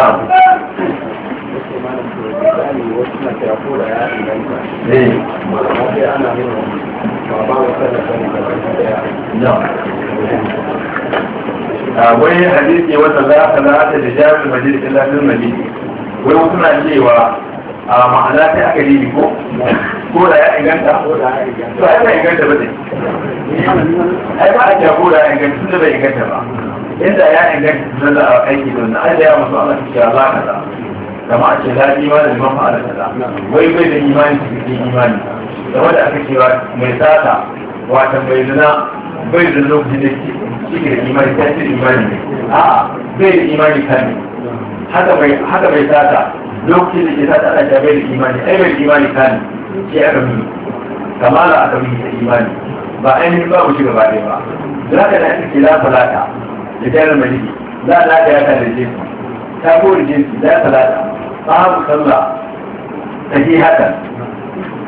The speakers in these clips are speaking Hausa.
Ah, wai hadisi wata za ka za ta da jami'in majid illa min wai wasu na cewa a ah, ma'ana ta aka yi ko ko da ya inganta ko da ya inganta ba inganta ba ne ai ba a ko da ya inganta tun da bai inganta ba inda ya inganta su da aiki don na ajiya masu ana cikin Allah kaza kama a ce zafi ma da liman fa'ala kaza wai bai da imani cikin imani da wanda aka cewa mai sata wata bai zina bai da lokacin da cikin imani ta ce imani ne a'a bai da imani kan ne haka mai sata lokacin da ke sata ana cewa bai da imani ai bai da imani kan ne aka mini kamala aka mini da imani ba ainihin mu shi gaba ɗaya ba zaka da ake kila falata da gyara mani za a lada ya da jefu ta kori jefu za ta lada babu sallah ta ke hakan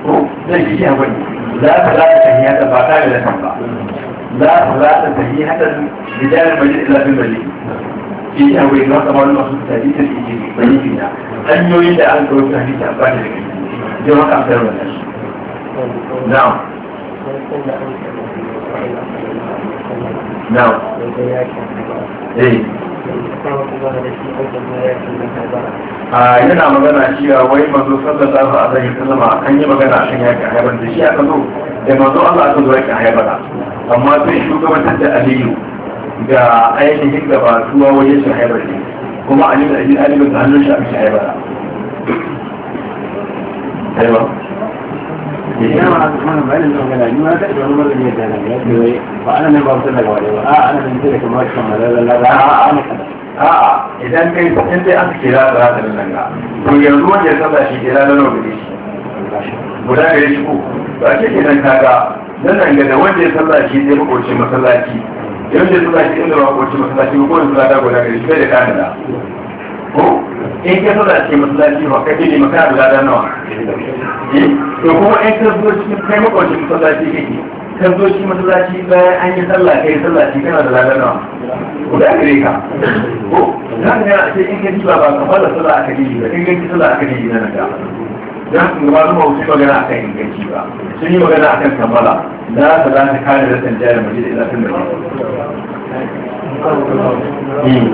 ko zai fi yan wani za ta lada ta ke hakan ba ta da kan ba za ta lada ta ke hakan da gyara mani da zafin mani ke yi hawaii na kamar masu tafi ta ke mani fina hanyoyin da an kawo tafi ta ba da rikin don haka an karbar da shi na'am na'am eh a ah, yana magana cewa wai manzo sallallahu alaihi wasallam an yi magana a kan yakin haibar da shi aka zo da manzo Allah aka zo yakin da amma sai shugabantar da Aliyu ga ainihin gabatuwa wajen shi haibar ne kuma Aliyu da Aliyu da hannun shi a shi da. a'a idan kai in dai aka kira da rata nan ga to yanzu wanda ya saba shi kira da nan gare guda gare shi ko ba ke idan kaga nan nan ga da wanda ya saba shi zai makoci masallaci yanzu ya saba shi inda ba makoci masallaci ko wanda sallata guda gare shi da kanada ko in ka zana ce masallaci ba kai ne maka da lada nawa eh, to kuma in ka zo cikin kai makwacin masallaci kake ka zo cikin masallaci bayan an yi sallah kai sallaci kana da lada nawa ko da gare ka ko za ka gana ce in ka ji ba ka fara sallah aka ji ba in ka ji sallah aka ji na naga dan kuma zuma wuce magana akan inganci ba sun yi magana kan kammala za ta za ta kare da tantar majalisa da tun da ba. Hmm.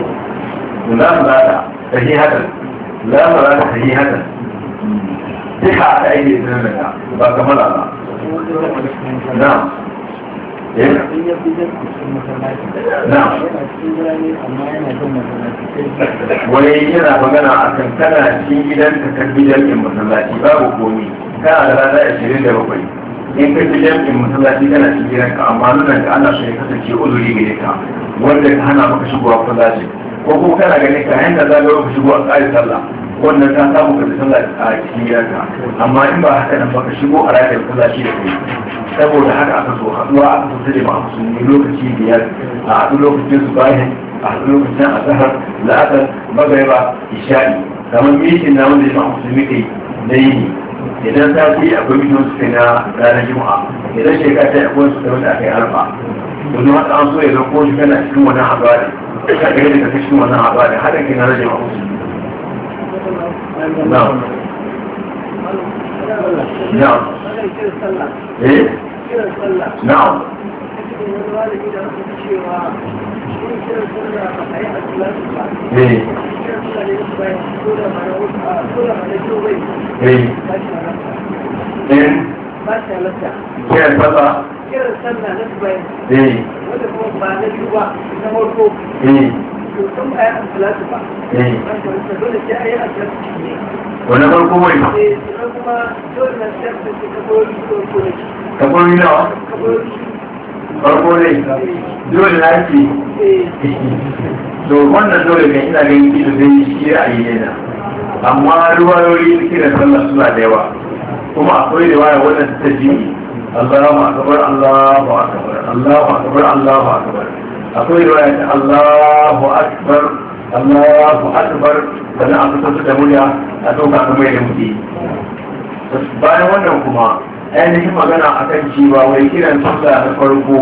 Za ta za ta sahihatan la marana sahihatan duka aka aiki da nan da ba kamar ba na eh? wani yana magana a kan kana cikin gidan ka kan gidan in masallaci babu komi kana da rana ashirin da bakwai in ka gidan in masallaci kana cikin gidan ka amma nuna ka ana so ya kasance uzuri gare ka wanda ka hana maka shigowa masallaci ko kuma kana ganin ka yanda za ka shigo a tsarin sallah wannan ta samu ka sallah a cikin gidanka amma in ba haka nan ba ka shigo a rayuwar sallah shi da kai saboda haka aka so haɗuwa aka so sai ma ne lokaci biyar a haɗu lokacin su bayan a haɗu lokacin a azhar la'asar magariba isha'i kamar mitin na wanda jama'a musulmi kai na yini idan ta ce akwai mishin su kai na ranar juma'a idan shekara ta yi akwai su kai wanda aka yi harfa domin haka an so ya zama ko shi kana cikin wani haɗuwa da ka gani na na na kiran sallah na eh. wanda kuma ba na biyu ba na farko eh. tun a yi ba eh. dole sai a yi ne wani farko wai ba kuma dole na sarfa ce ne farko ne dole na to wannan dole ne ina ganin kilo zai shi a yi ne amma ruwa kiran sallah suna da yawa kuma akwai da waya wannan ta jini Allahu akbar Allahu akbar Allahu akbar Allahu akbar akwai riwaya Allahu akbar Allahu akbar sannan a fito da murya a doka kamar da muke bayan wannan kuma ainihin magana a akan cewa wai kiran sallah na farko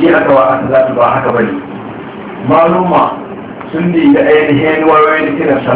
shi aka wa aka za su ba haka bane maluma sun da ainihin wayoyin kiran